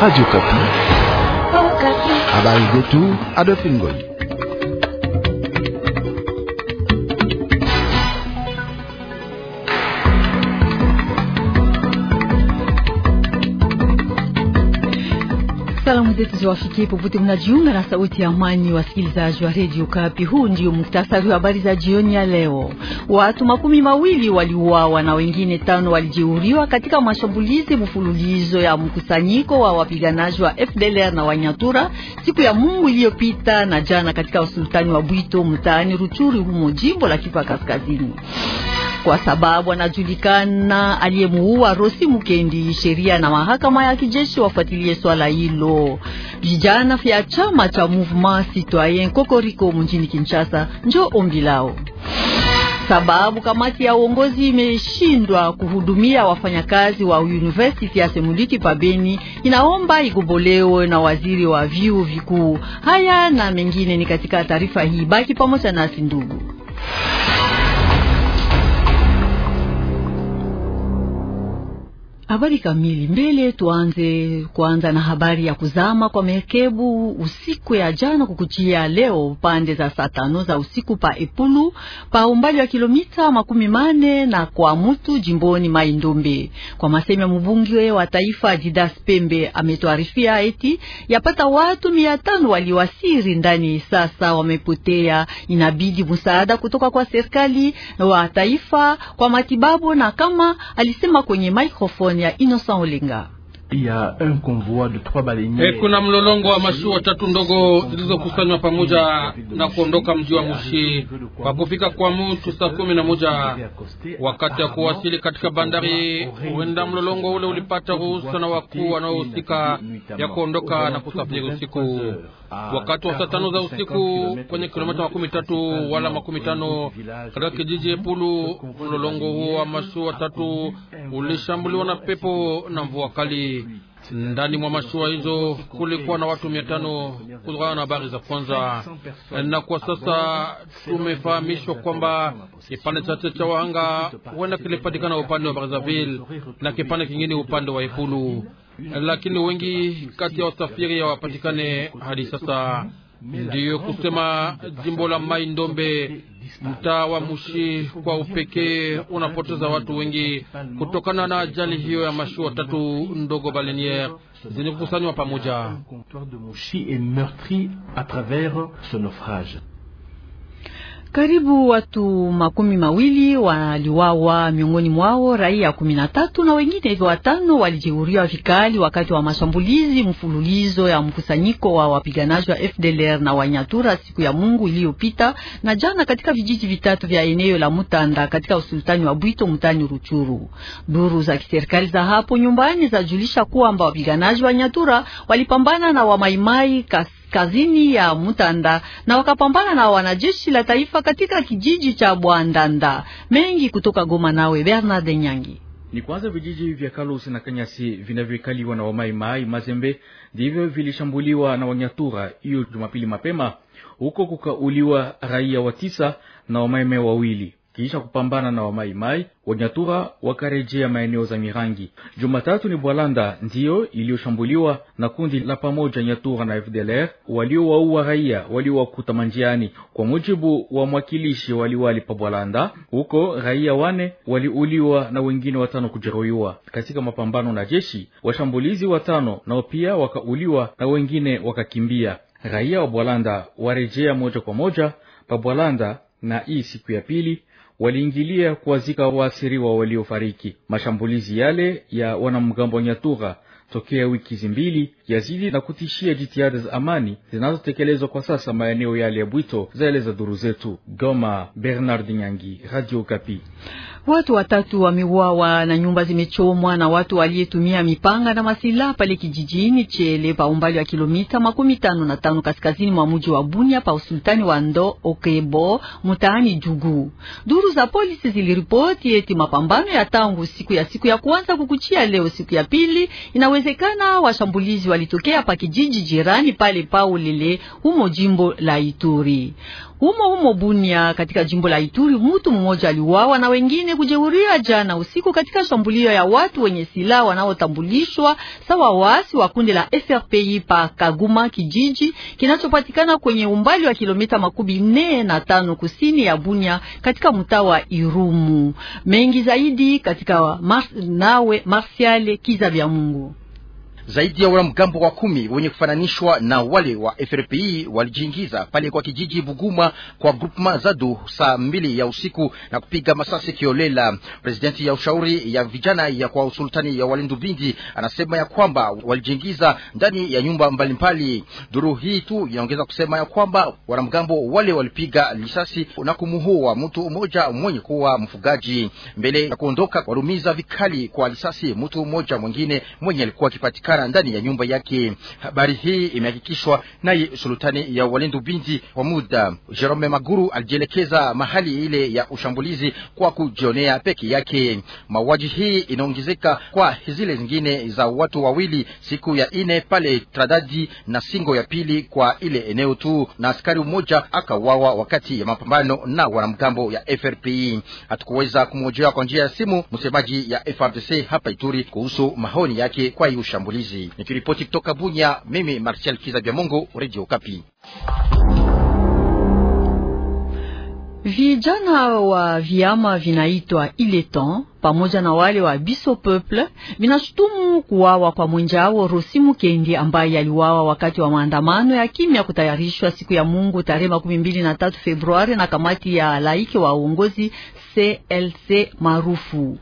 Radio oh, Kapi. Habari zetu Adolphe Ngoy. zetu ziwafikie popote mnajiunga na sauti ya amani, wasikilizaji wa redio Kapi. Huu ndio muktasari wa habari za jioni ya leo. Watu makumi mawili waliuawa na wengine tano walijeuriwa katika mashambulizi mfululizo ya mkusanyiko wa wapiganaji wa FDLR na Wanyatura siku ya Mungu iliyopita na jana katika usultani wa Bwito mtaani Ruchuri humo jimbo la Kivu Kaskazini kwa sababu anajulikana aliyemuua Rosi Mukendi. Sheria na mahakama ya kijeshi wafuatilie swala hilo. Vijana vya chama cha Mouvement Citoyen Kokoriko mjini Kinshasa njo ombi lao sababu kamati ya uongozi imeshindwa kuhudumia wafanyakazi wa University ya Semuliki Pabeni inaomba igobolewe na waziri wa vyuo vikuu. Haya na mengine ni katika taarifa hii, baki pamoja nasi ndugu. Habari kamili mbele. Tuanze kwanza na habari ya kuzama kwa merkebu usiku ya jana kukuchia leo pande za saa tano za usiku pa Epulu pa umbali wa kilomita makumi mane na kwa mutu jimboni Mai Kwa masemi ya mvungiwe wa taifa Didas Pembe ametuarifia eti yapata watu mia tano waliwasiri ndani, sasa wamepotea. Inabidi msaada kutoka kwa serikali wa taifa kwa matibabu, na kama alisema kwenye maikrofoni maoni ya Innocent Olinga. Hey, eh, kuna mlolongo wa mashua tatu ndogo zilizokusanywa pamoja na kuondoka mji wa Mushi wapofika kwa mutu saa kumi na moja wakati ya kuwasili katika bandari. Huenda mlolongo ule ulipata ruhusa na wakuu wanaohusika ya kuondoka na kusafiri usiku wakati wa saa tano za usiku kwenye kilomita makumi tatu wala makumi tano katika kijiji Epulu. Mlolongo huo wa mashua tatu ulishambuliwa na pepo na mvua kali. Ndani mwa mashua hizo kulikuwa na watu mia tano kutokana na habari za kwanza, na kwa sasa tumefahamishwa kwamba kipande chache cha wahanga huenda kilipatikana upande wa Brazzaville na kipande kingine upande wa Epulu lakini wengi kati ya wasafiri hawapatikane hadi sasa. Ndiyo kusema jimbo la Mai Ndombe, mtaa wa Mushi kwa upekee unapoteza watu wengi kutokana na ajali hiyo ya mashua tatu ndogo baleniere zenye kukusanywa pamoja. Karibu watu makumi mawili waliwawa, miongoni mwao raia kumi na tatu na wengine hivyo watano walijeruhiwa vikali wakati wa mashambulizi mfululizo ya mkusanyiko wa wapiganaji wa FDLR na Wanyatura siku ya Mungu iliyopita na jana katika vijiji vitatu vya eneo la Mutanda katika usultani wa Bwito mtani Ruchuru. Duru za kiserikali za hapo nyumbani zajulisha kwamba wapiganaji wa Nyatura walipambana na Wamaimai kasi kazini ya Mutanda na wakapambana na wanajeshi la taifa katika kijiji cha Bwandanda. Mengi kutoka Goma, nawe Bernard Nyangi. Ni kwanza vijiji vya Kalusi na Kanyasi vinavyokaliwa na Wamaimai Mazembe ndivyo vilishambuliwa na Wanyatura hiyo Jumapili mapema, huko kukauliwa raia wa tisa na Wamaimai wawili kisha kupambana na wamaimai Wanyatura wakarejea maeneo za Mirangi. Jumatatu ni Bwalanda ndiyo iliyoshambuliwa na kundi la pamoja Nyatura na FDLR waliowaua raia waliowakuta manjiani. Kwa mujibu wa mwakilishi waliwali pa Bwalanda, huko raia wane waliuliwa na wengine watano kujeruhiwa katika mapambano na jeshi. Washambulizi watano nao pia wakauliwa na wengine wakakimbia. Raia wa Bwalanda warejea moja kwa moja pa Bwalanda na hii siku ya pili waliingilia kuwazika waasiriwa waliofariki. Mashambulizi yale ya wanamgambo wa Nyatura tokea wiki mbili yazidi na kutishia jitihada za amani zinazotekelezwa kwa sasa maeneo yale ya Bwito, zaeleza duru zetu. Goma, Bernard Nyangi, Radio Kapi. Watu watatu wameuawa na nyumba zimechomwa na watu walietumia mipanga na masila pale kijijini Chele pa umbali wa kilomita makumi tano na tano kaskazini mwa mji wa Bunia pa usultani wa Ndo Okebo mtaani Jugu. Duru za polisi ziliripoti eti mapambano ya tangu siku ya siku ya kwanza kukuchia leo siku ya pili, inawezekana washambulizi walitokea pa kijiji jirani pale Paulele humo jimbo la Ituri. Humo humo Bunia, katika jimbo la Ituri, mtu mmoja aliuawa na wengine kujeruhiwa jana usiku katika shambulio ya watu wenye silaha wanaotambulishwa sawa waasi wa kundi la FRPI pa Kaguma, kijiji kinachopatikana kwenye umbali wa kilomita makumi nne na tano kusini ya Bunia, katika mtaa wa Irumu. Mengi zaidi katika mar nawe Marsiale Kiza vya Mungu. Zaidi ya wanamgambo wa kumi wenye kufananishwa na wale wa FRPI e walijiingiza pale kwa kijiji Buguma kwa grupma Zadu saa mbili ya usiku na kupiga masasi kiolela. Presidenti ya ushauri ya vijana ya kwa usultani ya Walendu Bindi anasema ya kwamba walijiingiza ndani ya nyumba mbalimbali. Duru hii tu inaongeza kusema ya kwamba wanamgambo wale walipiga risasi na kumuua mtu mmoja mwenye kuwa mfugaji. Mbele ya kuondoka, walumiza vikali kwa risasi mtu mmoja mwingine mwenye alikuwa akipatikana mara ndani ya nyumba yake. Habari hii imehakikishwa naye sultani ya Walendu binti wa muda Jerome Maguru alijielekeza mahali ile ya ushambulizi kwa kujionea peke yake. Mauaji hii inaongezeka kwa zile zingine za watu wawili siku ya ine pale Tradadi na singo ya pili kwa ile eneo tu, na askari mmoja akawawa wakati ya mapambano na wanamgambo ya FRPI. Hatukuweza kumwojea kwa njia ya simu msemaji ya FRDC hapa Ituri kuhusu mahoni yake kwa hiyo shambulio mashambulizi. Nikiripoti kutoka Bunya, mimi Martial Kizabya Mungu, Radio Kapi. Vijana wa vyama vinaitwa Ileton pamoja na wale wa Biso Peuple vinashutumu kuwawa kwa mwenjao Rosi Mukendi ambaye aliwawa wakati wa maandamano ya kimya kutayarishwa siku ya Mungu tarehe makumi mbili na tatu Februari na kamati ya laiki wa uongozi CLC maarufu.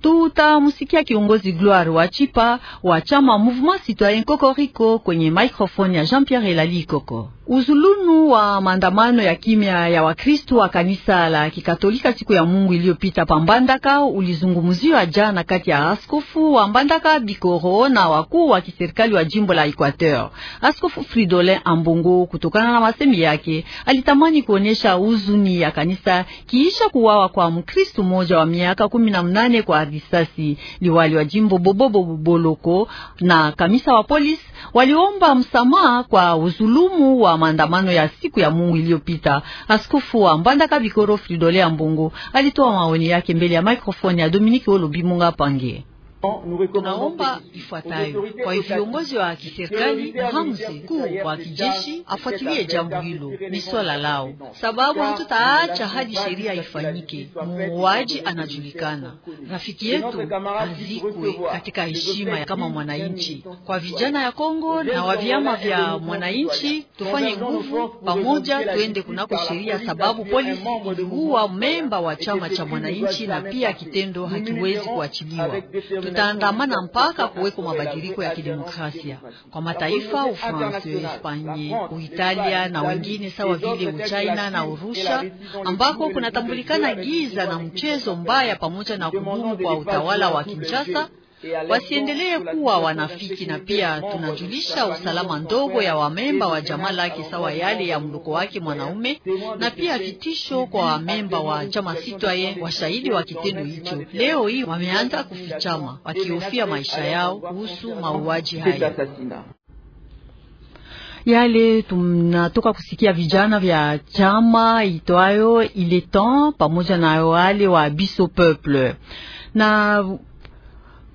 Tutamsikia kiongozi Gloire wa Chipa wa chama Mouvement Citoyen Kokoriko kwenye microphone ya Jean-Pierre Elali Koko. Uzulunu wa maandamano ya kimya ya Wakristo wa kanisa la Kikatolika siku ya Mungu iliyopita pambandaka uliz yalizungumziwa jana kati ya askofu wa Mbandaka Bikoro na wakuu wa kiserikali wa jimbo la Equateur. Askofu Fridolin Ambongo, kutokana na masemi yake, alitamani kuonesha huzuni ya kanisa kiisha kuwawa kwa Mkristo mmoja wa miaka kumi na mnane kwa risasi. Liwali wa jimbo Bobobo Boloko na kamisa wa polisi waliomba msamaha kwa uzulumu wa maandamano ya siku ya Mungu iliyopita. Askofu wa Mbandaka Bikoro Fridolin Ambongo alitoa maoni yake mbele ya mikrofoni ya dominique wolo pangie Tunaomba ifuatayo kwa viongozi wa kiserikali hamsi mkuu wa kijeshi afuatilie jambo hilo, ni swala lao, sababu hatutaacha hadi sheria ifanyike. Muuaji anajulikana, rafiki yetu azikwe katika heshima kama mwananchi. Kwa vijana ya Kongo na wa vyama vya mwananchi, tufanye nguvu pamoja, tuende kunako sheria, sababu polisi iliua memba wa chama cha mwananchi, na pia kitendo hakiwezi kuachiliwa tutaandamana mpaka kuweko mabadiliko ya kidemokrasia kwa mataifa Ufransi, Hispania, Uitalia na wengine sawa vile Uchina na Urusha, ambako kunatambulikana giza na mchezo mbaya pamoja na kudumu kwa utawala wa Kinshasa wasiendelee kuwa wanafiki, na pia tunajulisha usalama ndogo ya wamemba wa jamaa lake sawa yale ya mnduko wake mwanaume, na pia vitisho kwa wamemba wa chama sitwaye washahidi wa kitendo hicho. Leo hii wameanza kufichama wakihofia maisha yao kuhusu mauaji hayo yale tunatoka kusikia vijana vya chama itwayo Ile pamoja na wale wa Biso Peuple na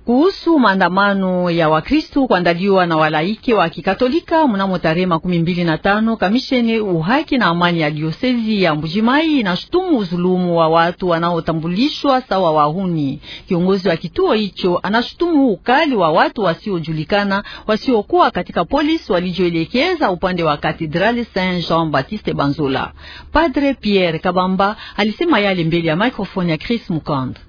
kuhusu maandamano ya Wakristu kuandaliwa na walaike wa Kikatolika mnamo tarehe makumi mbili na tano. kamisheni uhaki na amani ya diosezi ya Mbujimai inashutumu uzulumu wa watu wanaotambulishwa sawa wahuni. Kiongozi wa kituo hicho anashutumu ukali wa watu wasiojulikana wasiokuwa katika polisi walijoelekeza upande wa katedrali Saint Jean Baptiste banzula Padre Pierre Kabamba alisema yale mbele ya maikrofoni ya Chris Mukande.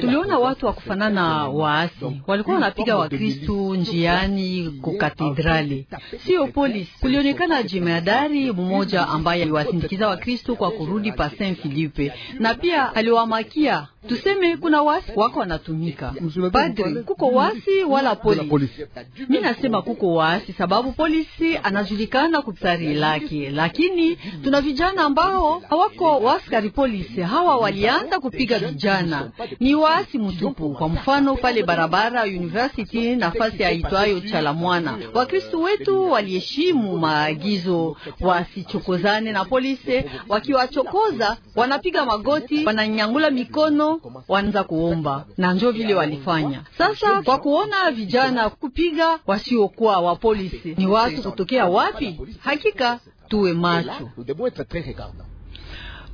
Tuliona watu wa kufanana waasi walikuwa wanapiga Wakristu njiani ku katedrali, sio polisi. Kulionekana jemadari mmoja ambaye aliwasindikiza Wakristu kwa kurudi pa Saint Philippe, na pia aliwamakia tuseme kuna wasi wako wanatumika padri, kuko wasi wala polisi. Mi nasema kuko wasi sababu polisi anajulikana kusari lake, lakini tuna vijana ambao hawako waskari polisi. Hawa walianza kupiga vijana, ni wasi mtupu. Kwa mfano pale barabara University, nafasi yaitwayo Chalamwana, Wakristu wetu waliheshimu maagizo, wasichokozane na polisi. Wakiwachokoza wanapiga magoti, wananyangula mikono mwisho wanaanza kuomba, na njo vile walifanya sasa. Kwa kuona vijana kupiga wasiokuwa wa polisi, ni watu kutokea wapi? Hakika tuwe macho.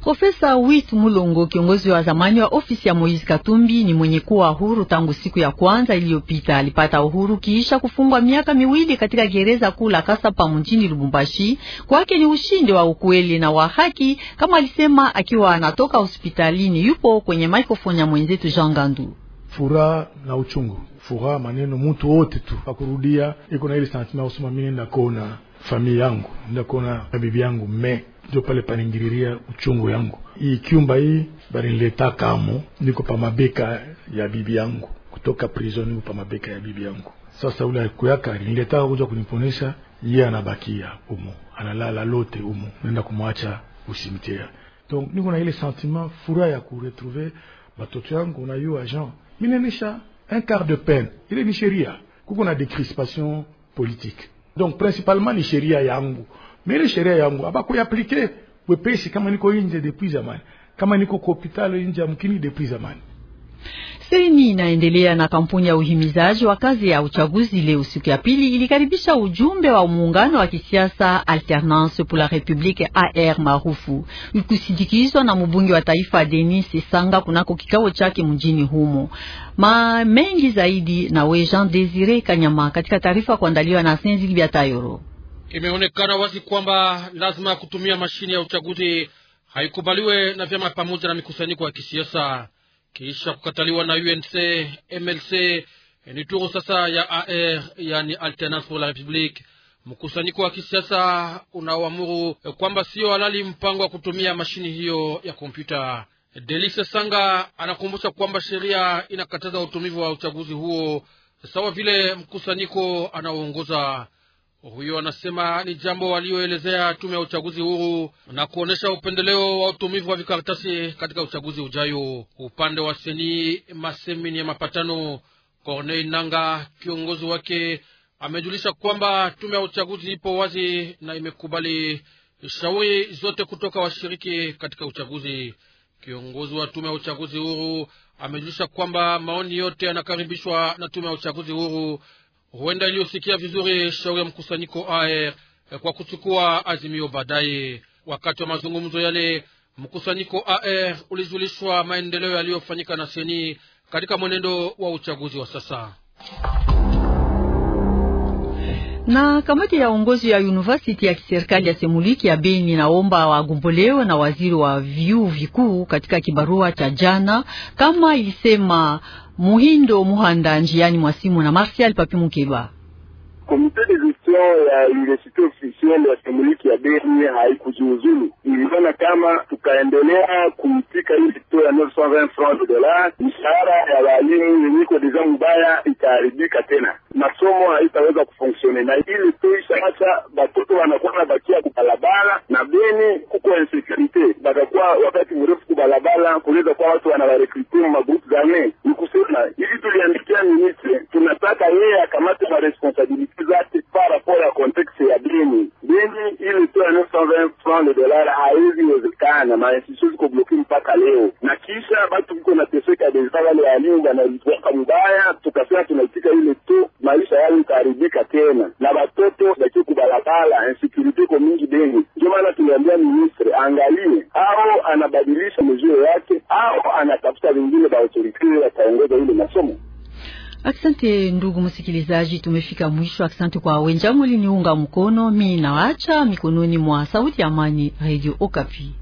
Profesa Wit Mulongo, kiongozi wa zamani wa ofisi ya Moise Katumbi, ni mwenye kuwa huru tangu siku ya kwanza iliyopita. Alipata uhuru kiisha kufungwa miaka miwili katika gereza kuu la Kasapa mjini Lubumbashi. Kwake ni ushindi wa ukweli na wa haki, kama alisema akiwa anatoka hospitalini. Yupo kwenye maikrofoni ya mwenzetu Jean Gandu. Furaha na uchungu, furaha maneno mutu wote tu akurudia iko na ile santima ya kusema mimi nenda kuona familia yangu, nenda kuona bibi yangu me ndio pale paningiriria uchungu yangu. Hii kyumba hii balinileta kamo, niko pa mabeka ya bibi yangu kutoka prison, niko pa mabeka ya bibi yangu. Sasa ule akuyaka alinileta kuja kuniponesha, yeye anabakia umo, analala lote umo, naenda kumwacha usimtia. Donc niko na ile sentiment furaha ya kuretrouver batoto yangu na yo agent minenisha un quart de peine, ile ni sheria kuko na decrispation politique, donc principalement ni sheria yangu mais mele sheria yangu abakuyaplike wepesi kama niko inje depuis zamani, kama niko kopitalo inje ya mkini depuis zamani. Seni inaendelea na kampuni ya uhimizaji wa kazi ya uchaguzi. Leo siku ya pili ilikaribisha ujumbe wa muungano wa kisiasa Alternance pour la République AR maarufu, ikusindikizwa na mbunge wa taifa Denis Sanga kunako kikao chake mjini humo. Ma mengi zaidi nawe Jean Désiré Kanyama katika taarifa kuandaliwa na Senzi Biatayoro. Imeonekana wazi kwamba lazima kutumia mashine ya uchaguzi haikubaliwe na vyama pamoja na mikusanyiko ya kisiasa kisha kukataliwa na UNC MLC. Ni turo sasa ya AR, yani Alternance pour la Republique, mkusanyiko wa kisiasa unaoamuru kwamba sio halali mpango wa kutumia mashini hiyo ya kompyuta. Delise Sanga anakumbusha kwamba sheria inakataza utumivu wa uchaguzi huo, sawa vile mkusanyiko anaoongoza huyo anasema ni jambo walioelezea tume ya uchaguzi huru na kuonyesha upendeleo wa utumivu wa vikaratasi katika uchaguzi ujayo. Upande wa seni masemini ya mapatano, Corneille Nanga kiongozi wake amejulisha kwamba tume ya uchaguzi ipo wazi na imekubali shauri zote kutoka washiriki katika uchaguzi. Kiongozi wa tume ya uchaguzi huru amejulisha kwamba maoni yote yanakaribishwa na tume ya uchaguzi huru huenda iliyosikia vizuri shauri ya mkusanyiko AR eh, kwa kuchukua azimio baadaye. Wakati wa mazungumzo yale, mkusanyiko AR ulijulishwa maendeleo yaliyofanyika na seni katika mwenendo wa uchaguzi wa sasa. Na kamati ya uongozi ya university ya kiserikali ya Semuliki ya Beni naomba wagombolewe na waziri wa vyuo vikuu katika kibarua cha jana, kama ilisema Muhindo Muhanda njiani mwasimu na Martial Papi Mukeba position ya universite officielle ya Semuliki ya Beni haikujiuzulu, iliona kama tukaendelea kumtika ile kito ya 920 francs de dollars, mishahara ya walimu yenye deja mubaya itaharibika tena, masomo haitaweza kufonksione na ili toi. Sasa batoto wanakuwa na bakia kubalabala na Beni kuko insekurite, batakuwa wakati mrefu kubalabala, kuleza kuwa watu wanawarekrute mu magrupu zane. Nikusema hivi tuliandika kupitia ministre tunataka yeye akamate maresponsabilite zake par rapport ya kontekste ya beni beni ile toa 920 francs de dollar haizi wezekana, mainstitution ziko bloke mpaka leo, na kisha batu viko nateseka deja, wale waliunga na litwaka mbaya, tukasema tunaitika ile to maisha yao itaharibika tena, na batoto dakio kubalabala, insekurite ko mingi beni Ndio maana tuliambia ministre angalie, ao anabadilisha mezuro yake Asante ndugu msikilizaji, tumefika mwisho. Asante kwa wenjangu liniunga mkono. Mi nawaacha mikononi mwa sauti ya amani, Radio Okapi.